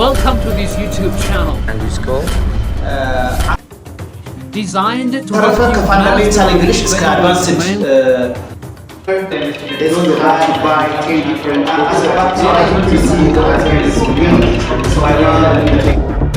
Welcome to this YouTube channel. And it's called uh, Designed to تعرفك They don't have to buy 10 different see, So I learned.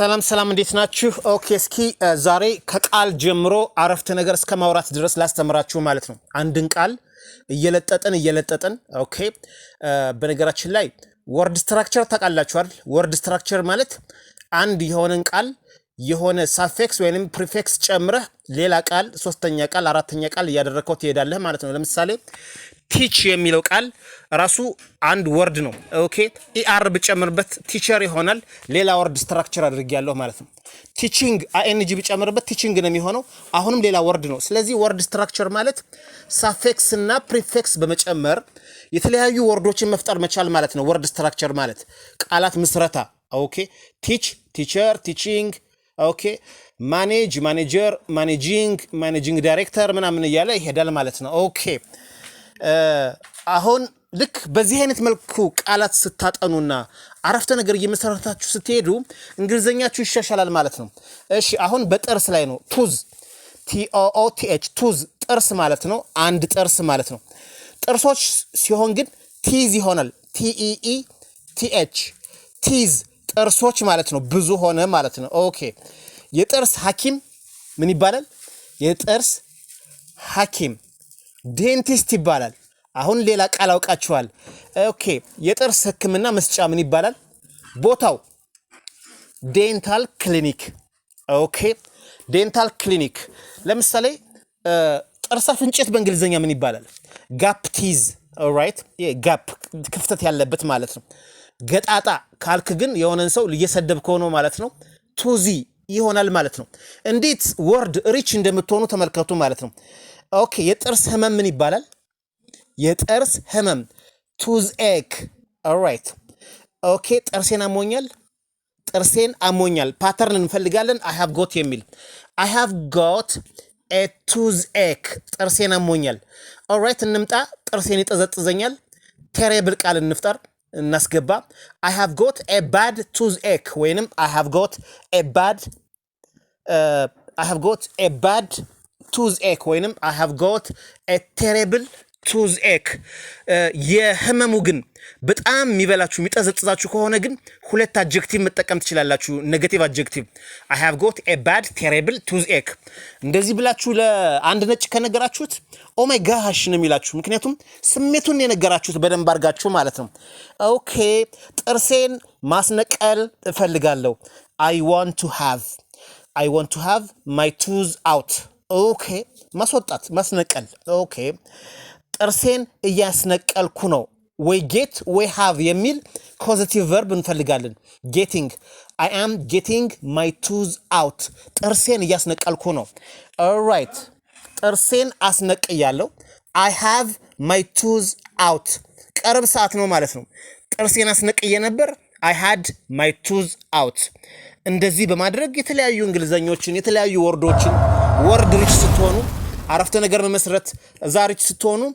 ሰላም ሰላም፣ እንዴት ናችሁ? ኦኬ፣ እስኪ ዛሬ ከቃል ጀምሮ አረፍተ ነገር እስከ ማውራት ድረስ ላስተምራችሁ ማለት ነው። አንድን ቃል እየለጠጥን እየለጠጥን። ኦኬ፣ በነገራችን ላይ ወርድ ስትራክቸር ታውቃላችሁ አይደል? ወርድ ስትራክቸር ማለት አንድ የሆነን ቃል የሆነ ሳፌክስ ወይም ፕሪፌክስ ጨምረህ ሌላ ቃል ሶስተኛ ቃል አራተኛ ቃል እያደረግከው ትሄዳለህ ማለት ነው። ለምሳሌ ቲች የሚለው ቃል ራሱ አንድ ወርድ ነው። ኦኬ ኢአር ብጨምርበት ቲቸር ይሆናል። ሌላ ወርድ ስትራክቸር አድርጌያለሁ ማለት ነው። ቲቺንግ አኤንጂ ብጨምርበት ቲቺንግ ነው የሚሆነው። አሁንም ሌላ ወርድ ነው። ስለዚህ ወርድ ስትራክቸር ማለት ሳፌክስ እና ፕሪፌክስ በመጨመር የተለያዩ ወርዶችን መፍጠር መቻል ማለት ነው። ወርድ ስትራክቸር ማለት ቃላት ምስረታ ኦኬ ቲች፣ ቲቸር፣ ቲቺንግ ኦኬ ማኔጅ ማኔጀር ማኔጂንግ ማኔጂንግ ዳይሬክተር ምናምን እያለ ይሄዳል ማለት ነው። ኦኬ አሁን ልክ በዚህ አይነት መልኩ ቃላት ስታጠኑና አረፍተ ነገር እየመሰረታችሁ ስትሄዱ እንግሊዝኛችሁ ይሻሻላል ማለት ነው። እሺ አሁን በጥርስ ላይ ነው። ቱዝ ቲኦኦቲኤች ቱዝ ጥርስ ማለት ነው። አንድ ጥርስ ማለት ነው። ጥርሶች ሲሆን ግን ቲዝ ይሆናል። ቲኢኢ ቲኤች ቲዝ ጥርሶች ማለት ነው። ብዙ ሆነ ማለት ነው። ኦኬ የጥርስ ሐኪም ምን ይባላል? የጥርስ ሐኪም ዴንቲስት ይባላል። አሁን ሌላ ቃል አውቃችኋል። ኦኬ የጥርስ ሕክምና መስጫ ምን ይባላል? ቦታው ዴንታል ክሊኒክ። ኦኬ ዴንታል ክሊኒክ። ለምሳሌ ጥርሳ ፍንጨት በእንግሊዝኛ ምን ይባላል? ጋፕቲዝ ራይት። ጋፕ ክፍተት ያለበት ማለት ነው። ገጣጣ ካልክ ግን የሆነን ሰው እየሰደብክ ሆነው ማለት ነው። ቱዚ ይሆናል ማለት ነው። እንዴት ወርድ ሪች እንደምትሆኑ ተመልከቱ ማለት ነው። ኦኬ የጥርስ ህመም ምን ይባላል? የጥርስ ህመም ቱዝ ኤክ ኦራይት። ኦኬ ጥርሴን አሞኛል፣ ጥርሴን አሞኛል። ፓተርን እንፈልጋለን። አይ ሃቭ ጎት የሚል አይ ሃቭ ጎት ኤ ቱዝ ኤክ፣ ጥርሴን አሞኛል። ኦራይት እንምጣ። ጥርሴን ይጠዘጥዘኛል። ቴሬብል ቃል እንፍጠር። እናስገባ አይ ሃቭ ጎት ባድ ቱዝ ኤክ ወይንም አይ ሃቭ ጎት ባድ አይ ሃቭ ጎት ባድ ቱዝ ኤክ ወይንም አይ ሃቭ ጎት ቴሬብል ቱዝ ኤክ የህመሙ ግን በጣም የሚበላችሁ የሚጠዘጥዛችሁ ከሆነ ግን ሁለት አጀክቲቭ መጠቀም ትችላላችሁ። ኔጌቲቭ አጀክቲቭ አይ ሃቭ ጎት ኤ ባድ ቴሬብል ቱዝ ኤክ እንደዚህ ብላችሁ ለአንድ ነጭ ከነገራችሁት ኦ ማይ ጋሽ ነው የሚላችሁ። ምክንያቱም ስሜቱን የነገራችሁት በደንብ አድርጋችሁ ማለት ነው። ኦኬ ጥርሴን ማስነቀል እፈልጋለሁ። አይ ዋንት ቱ ሃቭ አይ ዋንት ቱ ሃቭ ማይ ቱዝ አውት ኦኬ ማስወጣት ማስነቀል ኦኬ ጥርሴን እያስነቀልኩ ነው። ወይ ጌት ወይ ሃቭ የሚል ኮዘቲቭ ቨርብ እንፈልጋለን። ጌቲንግ አይ አም ጌቲንግ ማይ ቱዝ አውት። ጥርሴን እያስነቀልኩ ነው። ኦራይት ጥርሴን አስነቅያለሁ። አይ ሃቭ ማይ ቱዝ አውት። ቀርብ ሰዓት ነው ማለት ነው። ጥርሴን አስነቅዬ ነበር። አይ ሃድ ማይ ቱዝ አውት። እንደዚህ በማድረግ የተለያዩ እንግሊዘኞችን የተለያዩ ወርዶችን ወርድ ሪች ስትሆኑ አረፍተ ነገር መመስረት ዛሬች ስትሆኑ